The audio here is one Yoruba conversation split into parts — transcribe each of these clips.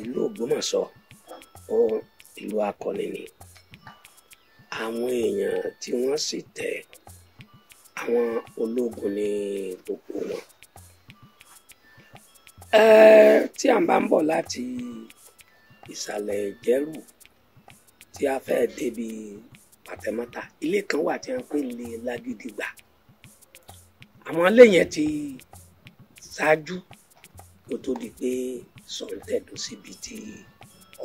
ìlú Ògbómọ̀ṣọ́ ó ìlú akọni ni àwọn èèyàn tí wọ́n sì tẹ̀ àwọn ológun ní gbogbo wọn. tí à ń bá ń bọ̀ láti ìsàlẹ̀ ìjẹ́rù tí a fẹ́ débi pàtẹ́mọ́ta ilé kan wà tí a ń pè ní lágídígbà àwọn ilé yẹn ti ṣáájú kó tó di pé. sọ tẹ̀dó síbi tí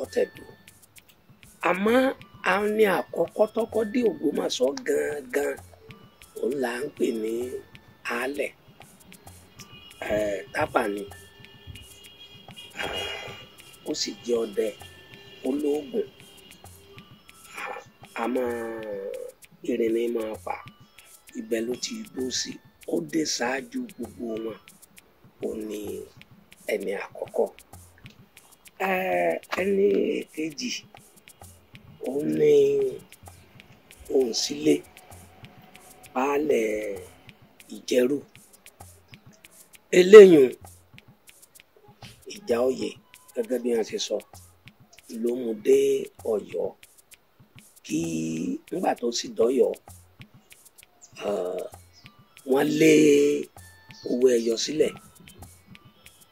ó tẹ̀dó àmọ́ àwọn ní àkọ́kọ́ tọ́kọ́ dé Ògbómọ̀ṣọ́ gangan òun là ń pè ní alẹ̀ tápà ni ó sì jẹ́ ọdẹ olóògùn àmọ́ irin ni máa fà ibẹ̀ ló ti gbó sí ó dé ṣáájú gbogbo wọn ó ní ẹni àkọ́kọ́. ẹni kejì òun ni Òǹsílé baálẹ̀ Ìjẹ̀rú eléyìí ìjà oyè gẹ́gẹ́ bí wọ́n ṣe sọ ló mú dé Ọ̀yọ́ kí nígbà tó sì dọ́yọ̀ wọ́n lé owó ẹyọ sílẹ̀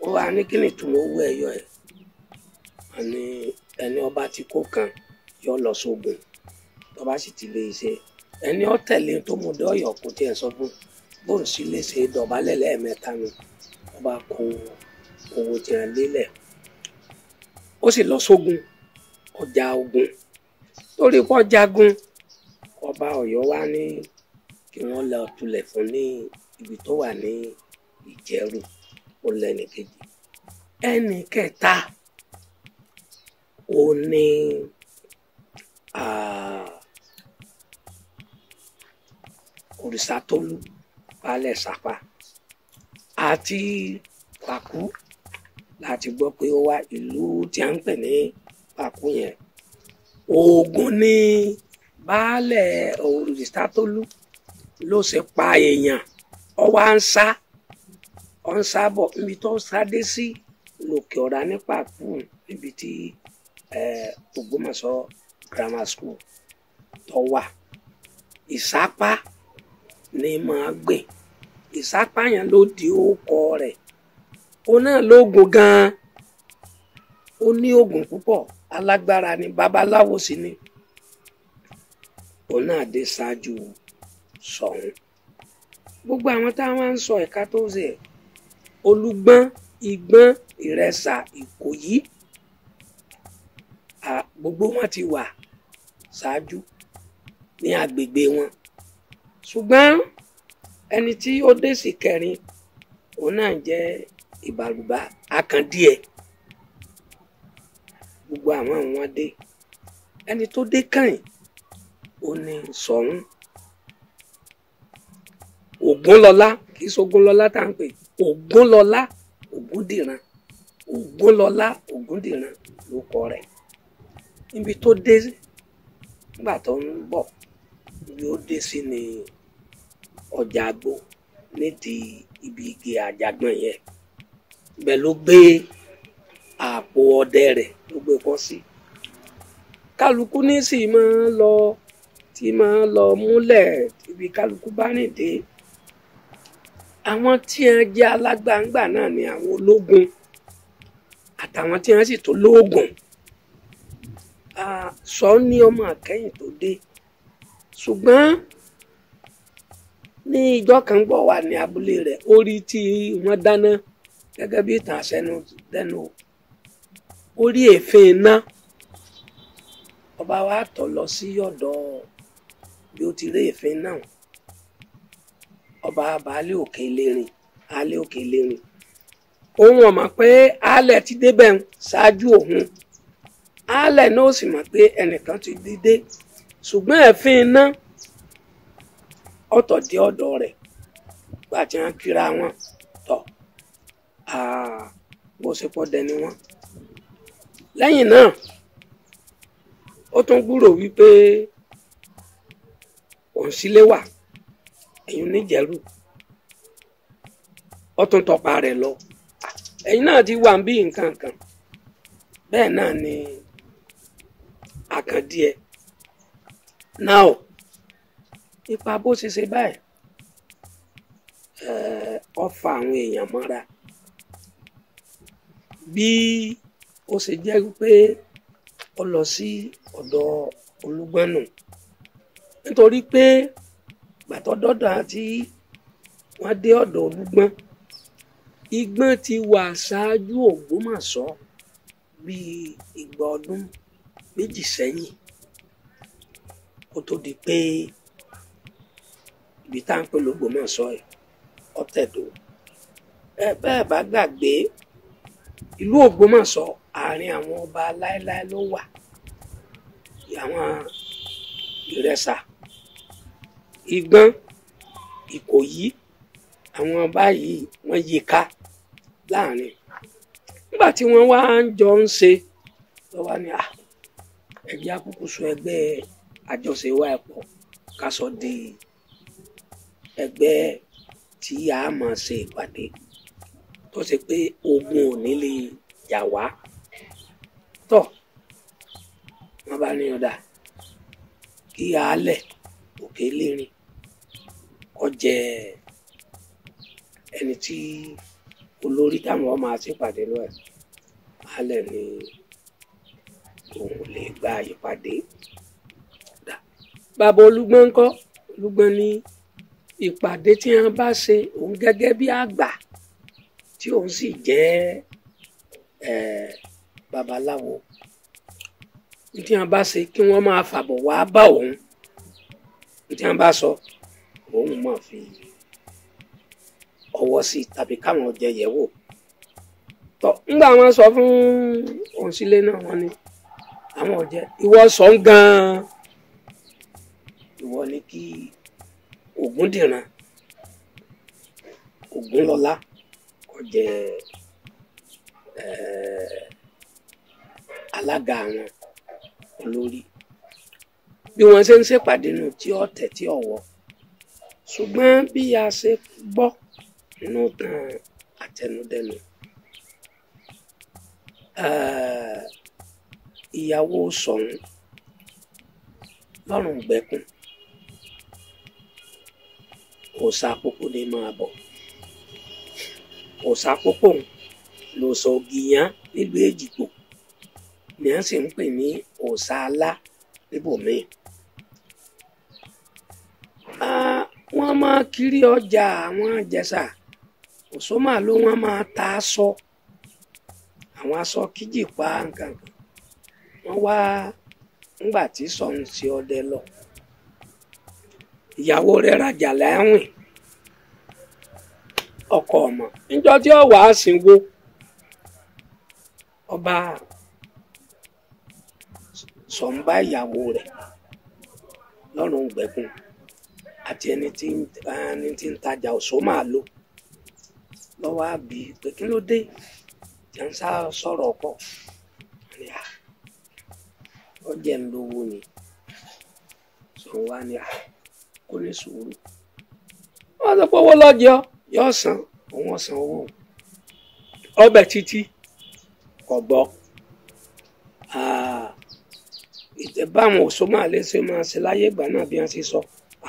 wọ́n wá ní kí ni ìtumọ̀ owó ẹyọ ẹ̀ ẹni ẹni ọba ti kó kan yọ lọ sógun tọba sì ti lè ṣe ẹni ọ tẹ̀lé tó mú dé ọ̀yọ́ kó tiẹ̀ sọ fún bóun sì lè ṣe dọ̀bálẹ̀ lẹ́ẹ̀mẹ́ta nu ọba kó owó tiẹ̀ lélẹ̀ ó sì lọ sógun ọjà ogun torí kọ́ jagun ọba ọ̀yọ́ wá ní kí wọ́n lọ tulẹ̀ fún ní ibi tó wà ní ìjẹ́rù ó lẹ́nìkejì ẹnì kẹta òun ni Òrìṣàtólú baálẹ̀ Sàpá àti Pàkú láti gbọ́ pé ó wá ìlú tí a ń pè ní Pàkú yẹn Ògún ní baálẹ̀ Òrìṣàtólú ló ṣe pa èèyàn ó wá ń sá ó ń sá bọ̀ níbi tó ń sá dé sí lòkè ọ̀rá ní Pàkú níbi tí. Eh, Ògbómọ̀ṣọ́ grammar school tó wà ìsápá ni màá gbè ìsápá yẹn ló di orúkọ rẹ̀ ó náà lóògùn gan-an ó ní oògùn púpọ̀ alágbára ni babaláwo sì ni òun náà dé ṣáájú sọ̀hún gbogbo àwọn tá a máa ń sọ ẹ̀ka tó ṣe olùgbọ́n ìgbọ́n ìrẹsà ìkòyí gbogbo wọn ti wà ṣáájú ní agbègbè wọn ṣùgbọ́n ẹni tí ó dé sí kẹrin òun náà jẹ́ ìbàlùbá akandíẹ gbogbo àwọn wọn dé ẹni tó dé kàn òun ni sọ̀hún ògúnlọlá kì í ṣogúnlọlá tá à ń pè ògúnlọlá ògúndìran ògúnlọlá ògúndìran ló kọ rẹ̀ níbi tó dé nígbà tó ń bọ̀ yóò dé sí ní ọjà àgbo ní ti ibi igi àjàgbọ̀n yẹn ibẹ̀ ló gbé àpò ọdẹ rẹ̀ ló gbé kọ́ sí kálukú ní sì máa ń lọ tí máa ń lọ múlẹ̀ ibi kálukú bá rìn dé àwọn tí wọn jẹ́ alágbàǹgbà náà ni àwọn ológun àtàwọn tí wọn sì tó lóògùn. sọ ní ọmọ àkẹ́yìn tó dé ṣùgbọ́n ní ìjọ kan gbọ́ wà ní abúlé tí dáná gẹ́gẹ́ bí ìtàn àṣẹnu dẹnu ó èéfín iná ọba wa tọ̀ lọ sí ọ̀dọ̀ bí ó ti rí èéfín náà ọba baálé òkè ìlérin alẹ́ òkè ìlérin òun ọ̀mọ̀ pé ti débẹ̀ ṣáájú òun àálẹ̀ náà sì mọ̀ pé ẹnìkan ti dídé ṣùgbọ́n ẹ̀fín iná ọ̀tọ̀ dé ọ̀dọ̀ rẹ̀ gbà tí wọ́n kíra wọn tọ̀ bó ṣe pọ̀ dẹni wọn. lẹ́yìn náà ó tún gbúrò wípé òun sílé wà ẹ̀yìn oníjẹ̀rù ó tún tọpa rẹ̀ lọ ẹ̀yìn náà ti wà ń bí nǹkan kan bẹ́ẹ̀ náà ni àkàndí ẹ now nípa bó ṣe ṣe báyìí ọfà eh, àwọn èèyàn mọ́ra bí ó ṣe jẹ́ pé ó lọ sí ọ̀dọ̀ olúgbọ́nù nítorí pé gbàtọ́dọ́dọ̀ àti wọ́n dé ọ̀dọ̀ olúgbọ́n igbọ́n ti wà ṣáájú Ògbómọ̀ṣọ́ bíi ìgbà ọdún méjì sẹ́yìn kó tó di pé ibi tá à ń pè lÓgbómọ̀ṣọ́ ẹ̀ ọ̀tẹ̀dọ̀ ẹ bẹ́ẹ̀ bá gbàgbé ìlú Ògbómọ̀ṣọ́ àárín àwọn ọba láéláé ló wà àwọn Ìrẹsà Ìgbọ́n Ìkòyí àwọn ọba yìí wọ́n yí ká láàrin nígbà tí wọ́n wá ń jọ ń ṣe lọ́wọ́ ni ah ẹ̀jẹ̀ àkókò so ẹgbẹ́ àjọṣe wa ẹ̀pọ̀ ká sọ di ẹgbẹ́ tí a máa ṣe ìpàdé tó ṣe pé ogun ò ní lè yà wá tọ̀ wọ́n bá ní ọ̀dà kí alẹ̀ òkè lérin kó jẹ ẹni tí olórí táwọn máa ṣèpàdé lọ́ẹ̀ alẹ̀ ni kò lè gba ìpàdé. bàbá olúgbọ́n ńkọ́ olúgbọ́n ní ìpàdé tí wọ́n bá ṣe òun gẹ́gẹ́ bí àgbà tí òun sì jẹ́ babaláwo tí wọ́n bá ṣe kí wọ́n máa fàbọ̀ wá bá òun tí wọ́n bá sọ òun máa fi ọwọ́ sí tàbí káwọn jẹ yẹ̀ wò tọ́ ńgbà wọn sọ fún òǹsílẹ̀ náà wọ́n ní àwọn ọ̀jẹ́ ìwọ sọ ń gan-an ìwọ ni kí Ògúndìran Ògúnlọlá ọ̀jẹ́ eh, alága àwọn olórí bí wọ́n ṣe ń ṣèpàdé nù tí ọ̀tẹ̀ tí ọ̀wọ́ ṣùgbọ́n bí a ṣe gbọ́ nínú ìtàn àtẹnudẹnu. Eh, ìyàwó Ṣọ̀ún lọ́rùn gbẹ̀kùn òòṣà àpòpò ní máa bọ̀ òòṣà àpòpò lòòṣà ògìyàn nílùú èjìgbò ni wọ́n sì ń pè ní òòṣà alá níbòmíì wọ́n máa kiri ọjà àwọn Ìjẹ̀ṣà òṣòmà ló wọ́n máa ta aṣọ àwọn aṣọ kíjìpá nǹkan kan wọ́n wá ńgbà tí sọ̀hún sí ọdẹ lọ ìyàwó rẹ̀ rajà láwìn ọkọ ọmọ níjọ́ tí ọwà àsìnwó ọba sọ̀nba ìyàwó rẹ̀ lọ́rùn gbẹ̀gùn àti ẹni tí ń tajà òṣó máa lò lọ́wọ́ àbí pé kí ló dé jẹ́ ń sá sọ̀rọ̀ ọkọ̀. ọjẹ́ ń lówó ni sọ wá ní à ah, kò ní sùúrù wọ́n sọ pé owó lọ́jọ́ yóò san òun ọ̀sán owó ọbẹ̀ títí kò gbọ́ ah, báwọn òṣòmọ́ àlẹ́ ṣe máa ṣe láyé ìgbà náà bí wọ́n ṣe sọ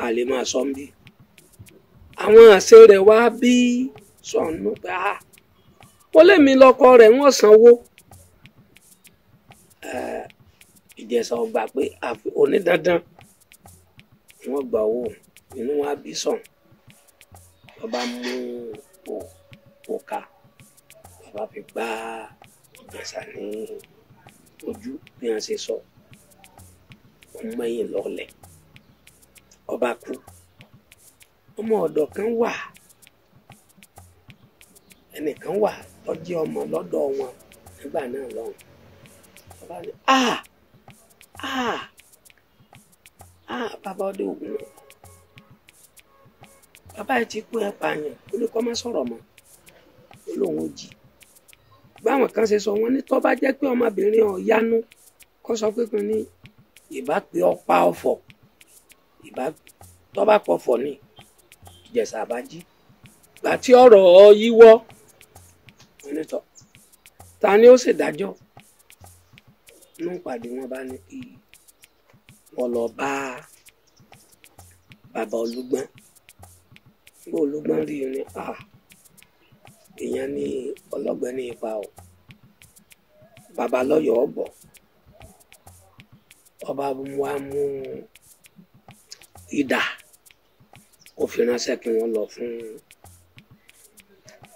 àlè máa sọ ń àwọn àṣẹ rẹ̀ wá bí sọ̀nù pé ah wọ́n lèmi lọ́kọ rẹ̀ wọ́n sanwó ìjẹ̀ṣà ọgbà pé onídandan wọ́n gbà owó inú wọn á bí sàn bàbá mú òkà bàbá fi gbá ìjẹ̀ṣà ní ojú bí wọ́n ṣe sọ ọmọ yìí lọ́lẹ̀ ọba kú ọmọ ọ̀dọ̀ kan wà ẹnìkan wà tó jẹ́ ọmọ lọ́dọ̀ wọn nígbà náà lọ́hùn ọba ní ah ah ah bàbá ọdún ògùn lọ bàbá yìí ti kú ẹ pààyàn ó ní kó má sọ̀rọ̀ mọ́ ó lóun ò jì báwọn kan ṣe sọ wọn ní tó bá jẹ́ pé ọmọbìnrin ọ̀ yánú kó sọ pé kan ní ìbá pé ọ̀pá ọ̀fọ̀ ìbá tó bá pọ̀ fọ̀ ni ìjẹ̀sà bá jí gbà tí ọ̀rọ̀ yíwọ́ onítọ̀ ta ni ó ṣèdájọ́ inú ìpàdé wọn bá ní kí wọn lọ bá bàbá olúgbọ́n bó olúgbọ́n rí i ní à èèyàn ní ọlọ́gbẹ́ ní ipa o bàbá lọ́yọ̀ọ́ ọ̀bọ̀ ọba wa mú idà ó fi ránṣẹ́ kí wọ́n lọ fún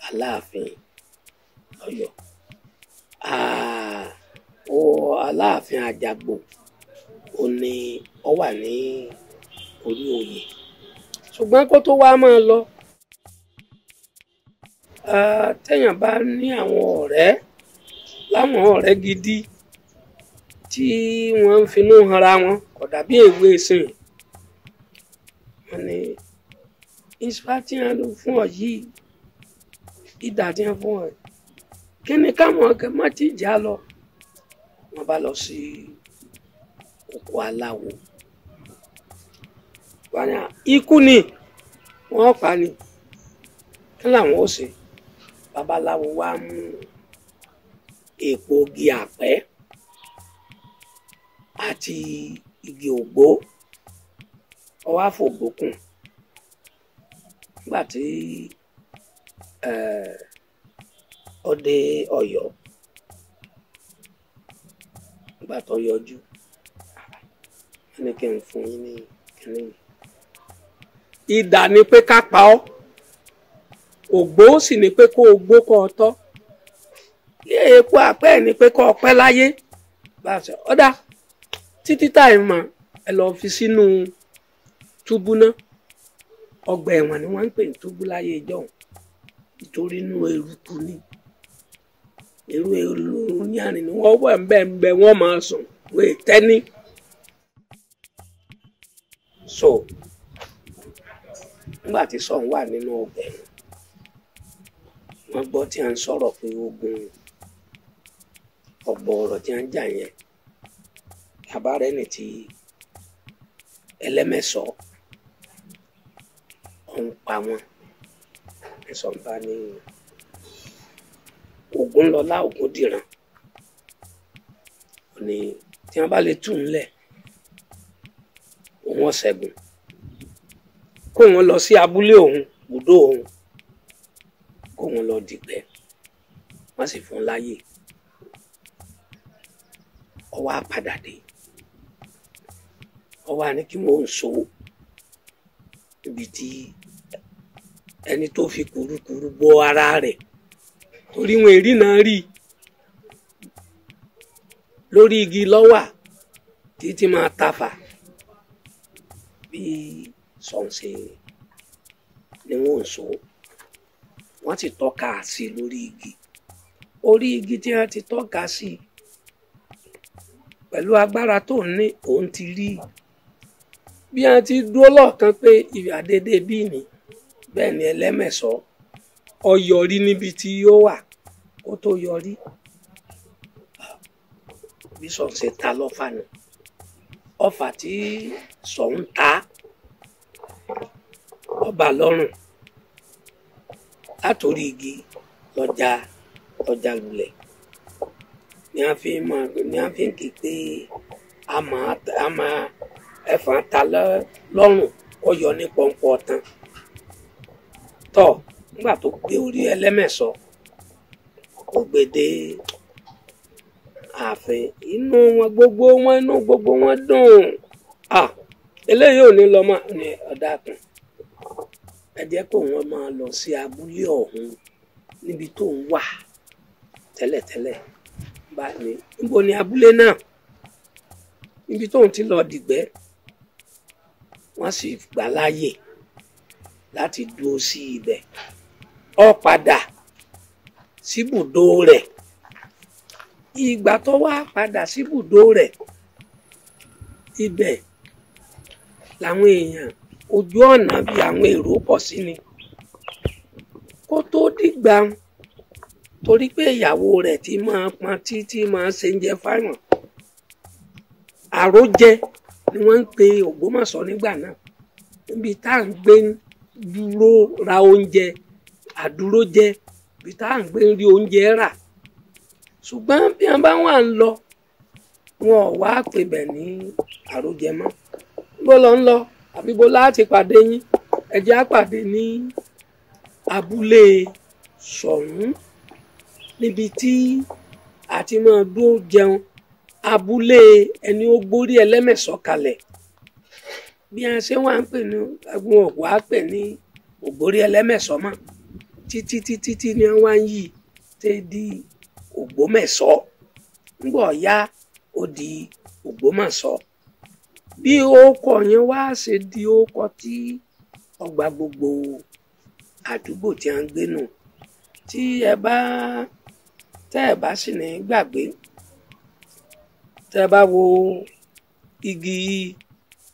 aláàfin lọ́yọ̀ọ́ o aláàfin àjàgbò ó ní ó wà ní orí oyè ṣùgbọ́n kó tó wá máa lọ téèyàn bá ní àwọn ọ̀rẹ́ láwọn ọ̀rẹ́ gidi tí wọ́n ń finú hanra wọn kò dàbí èwe sìn wọ́n ní ìṣúra tí wọ́n lò fún ọ yìí ìdà tí wọ́n fún ọ kí ni káwọn ọ̀gá má ti lọ wọ́n bá lọ sí oko aláwo wáyà ikú ni wọ́n pa ni kí làwọn ó ṣe babaláwo wá mú èpo igi àpẹ́ àti igi ògbó ọwọ́ àfògbókùn nígbà tí ọdẹ eh, Ọ̀yọ́ ìgbà tó yọjú wọ́n ní kí n fún yín ní kíní ìdà ni pé ká pa ọ́ ògbó sì ni pé kó o gbó kọ́ ọ tọ́ yé epo àpẹ́ ni pé kọ́ ọ pẹ́ láyé bá a sọ ọ́dà títí táì mọ̀ ẹ lọ́ọ́ fi sínú túbú náà ọgbà ẹ̀wọ̀n ni wọ́n ń pè ní túbú láyé ìjọ́un nítorí inú eruku ni. irú olóòórùn yàrin ni wọ́n wà ńbẹ̀ wọn wọ́n máa sùn wèé tẹ́ni. so nígbà tí sọ̀n wà nínú ọgbẹ́ a ń sọ̀rọ̀ pé ogun ọ̀rọ̀ tí a ń jà yẹn ti pa wọn ẹ̀sọ̀ ń bá Ògúnlọlá Ògúndìrán ó ní tí wọ́n bá lè tù ńlẹ̀ òun ọ̀sẹ̀gun kóun lọ sí abúlé òun bùdó òun kóun lọ dìgbẹ́ wọ́n sì fún un láyè ó wá padà dé ó wá ní kí wọ́n ń so ibi tí ẹni tó fi kúrúkúrú bọ́ ara rẹ̀ torí wọn èrí náà rí lórí igi lọ́wà títí máa tafà bí sọ́ǹsì ni wọ́n ń so wọ́n ti tọ́ka sí lórí igi orí igi tí wọ́n ti tọ́ka sí pẹ̀lú agbára tó ní òun ti rí bí wọ́n ti dúró lọ́ọ̀kan pé ìyàdédé bíi ni bẹ́ẹ̀ ni ẹlẹ́mẹ̀sọ ọyọ̀rí níbi tí yóò wà kó tó yọrí bí sọ̀n ṣe ta lọ́fà nù ọfà tí sọ̀n ń ta ọba lọ́rùn látòrí igi lọ́jà lọ́jà lulẹ̀ ni a fi mọ ni a fi kí pé a máa a máa ẹ̀fà ta lọ́rùn kó yọ ní pọ́npọ́ tán tọ́ nígbà tó gbé orí ẹlẹ́mẹ̀sọ. So. ògbèdè ààfin inú wọn gbogbo wọn inú gbogbo wọn dùn à eléyìí ò ní lọ mọ ní ọ̀dà kan ẹ jẹ́ kó wọn máa lọ sí abúlé ọ̀hún níbi tó ń wà tẹ́lẹ̀tẹ́lẹ̀ bá ní níbo ni abúlé náà níbi tóun ti lọ dìgbẹ́ wọ́n sì gbà láàyè láti dúró sí ibẹ̀ ó padà. síbùdó rẹ̀ ìgbà tó wá padà síbùdó rẹ̀ ibẹ̀ làwọn èèyàn ojú ọ̀nà bíi àwọn èrò pọ̀ sí ni kó tó dìgbà torí pé ìyàwó rẹ̀ ti máa pọn títí máa ṣe ń jẹ fáwọn àrójẹ ni wọ́n ń pe Ògbómọ̀ṣọ́ nígbà náà níbi tá à ń gbé dúró ra oúnjẹ ibi tá à ń gbé rí oúnjẹ rà ṣùgbọ́n bí wọ́n bá wà ń lọ wọn ò wá pè bẹ̀ ní àròjẹmọ́ bó lọ ń lọ àbí bó láti pàdé yín ẹ jẹ́ á pàdé ní abúlé ṣọ̀hún níbi tí àti máa dúró jẹun abúlé ẹni ó gbórí ẹlẹ́mẹ̀sọ́ kalẹ̀ bí a ṣe wá ń pè ní agbóhùn ọ̀gbọ́n á pè ní ògbórí ẹlẹ́mẹ̀sọ́ mọ́ títí títí tí ni wọ́n wá ń yí tẹ́ di Ògbómẹ̀ṣọ́ ńgbọ̀ ya ó di Ògbómọ̀ṣọ́ bí orúkọ yẹn wá ṣe di orúkọ tí ọgbà gbogbo àdúgbò tí a ń gbé nù tí ẹ bá tẹ́ ẹ bá sì ní gbàgbé tẹ́ bá wo igi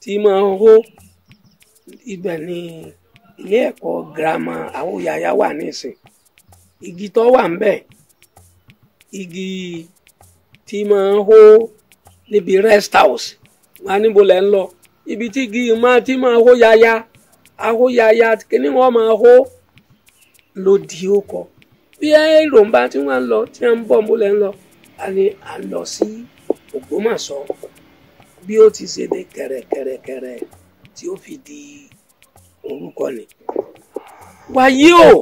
tí máa ń hó ibẹ̀ ni. ilé ẹ̀kọ́ girama Awóyàyà wà nísìn igi tó wà ń bẹ̀ igi tí máa ń hó níbi rest house wà níbo lẹ́ ń lọ ibi tí igi máa ti máa hó yaya ahó yaya kíní wọn máa hó lòdì okọ bí èrò ń bá tí wọn ń lọ tí wọn ń bọ̀ níbo lẹ́ ń lọ a ní a lọ sí Ògbómọ̀ṣọ́ bí ó ti ṣe dé kẹ̀rẹ̀kẹ̀rẹ̀kẹ̀rẹ̀ tí ó fi di orúkọ ni wáyé o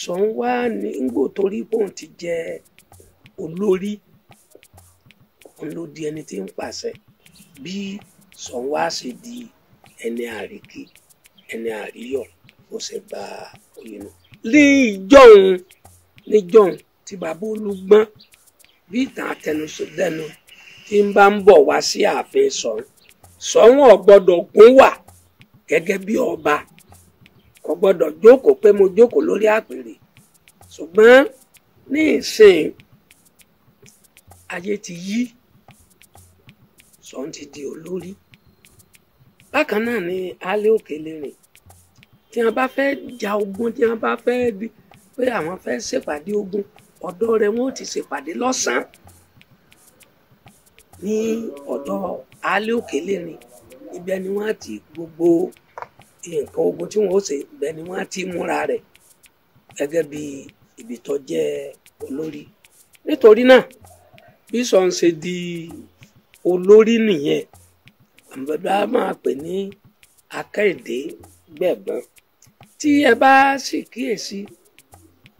sọ̀n wá ní ngbò torí bóun ti jẹ olórí òun ló di ẹni tí ń pàṣẹ bí sọ̀n wá ṣe di ẹni àríkì ẹni àríyọ̀ ó ṣe gba oyè nù. ní ìjọ́hun ní ìjọ́hun tí bàbá Olúgbọ́n bí ìtàn àtẹnusọ dẹnu tí ń bá ń bọ̀ wá sí ààfin sọ̀rọ̀ Ṣọ̀ún ọ̀gbọ́dọ̀ gún wà gẹ́gẹ́ bí ọba kò gbọ́dọ̀ jókòó pé mo jókòó lórí àpèrè ṣùgbọ́n ní ìsìn ayé ti yí Ṣọ̀ún ti di olórí bákan náà ni alẹ́ òkè lè rìn tí wọ́n bá fẹ́ ja ogun tí wọ́n bá fẹ́ di pé àwọn fẹ́ ṣèpàdé ogun ọ̀dọ̀ rẹ̀ wọ́n ti ṣèpàdé lọ́sàn-án ní ọ̀dọ̀ alẹ́ òkè lérìn ibẹ̀ ni wọ́n ti gbogbo nǹkan ogun tí wọ́n ó ṣe ibẹ̀ ni wọ́n ti múra rẹ̀ gẹ́gẹ́ bí ibi olórí nítorí náà bí sọ̀n di olórí nìyẹn àbẹ̀bẹ̀ a máa pè ní akẹ́ẹ̀dẹ́ gbẹ̀gbọ́n tí ẹ bá sì kíyèsí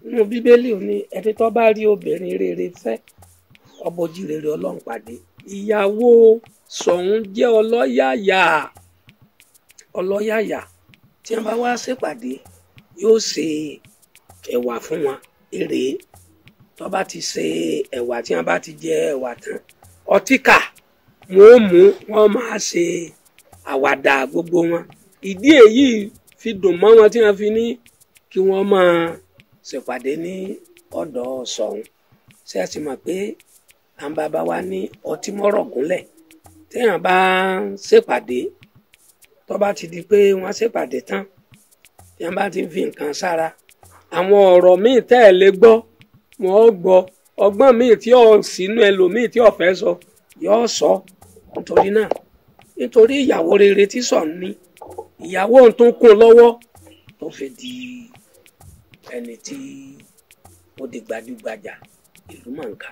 nínú bíbélì ni ẹni tó bá rí obìnrin rere fẹ́ ọbọ̀jì rere ọlọ́run pàdé ìyàwó Ṣọ̀ún jẹ́ ọlọ́yàyà ọlọ́yàyà tí wọ́n bá wá ṣèpàdé yóò ṣe ẹ̀wà fún wọn èrè tó bá ti ṣe ẹ̀wà tí wọ́n bá ti jẹ ẹ̀wà tán ọtíkà wọn ò mú wọn máa ṣe àwàdà gbogbo wọn ìdí èyí fi dùn mọ́ wọn tí wọ́n fi ní kí wọ́n máa ṣèpàdé ní ọ̀dọ̀ Ṣọ̀ún ṣe é sì mọ̀ pé àwọn bàbá wa ní ọtí mọ́rọ̀ gúnlẹ̀ téèyàn bá ń ṣèpàdé tó bá ti di pé wọ́n ṣèpàdé tán téèyàn bá ti fi nǹkan sára àwọn ọ̀rọ̀ míì tẹ́ ẹ lè gbọ́ wọ́n ó gbọ́ ọgbọ́n míì tí ò sínú ẹlòmíì tí ò fẹ́ sọ yóò sọ nítorí náà nítorí ìyàwó rere tí sọ̀n ní ìyàwó tó ń kún lọ́wọ́ tó fi di ẹni tí ó di gbajúgbajà ìlú mọ̀ọ́ká.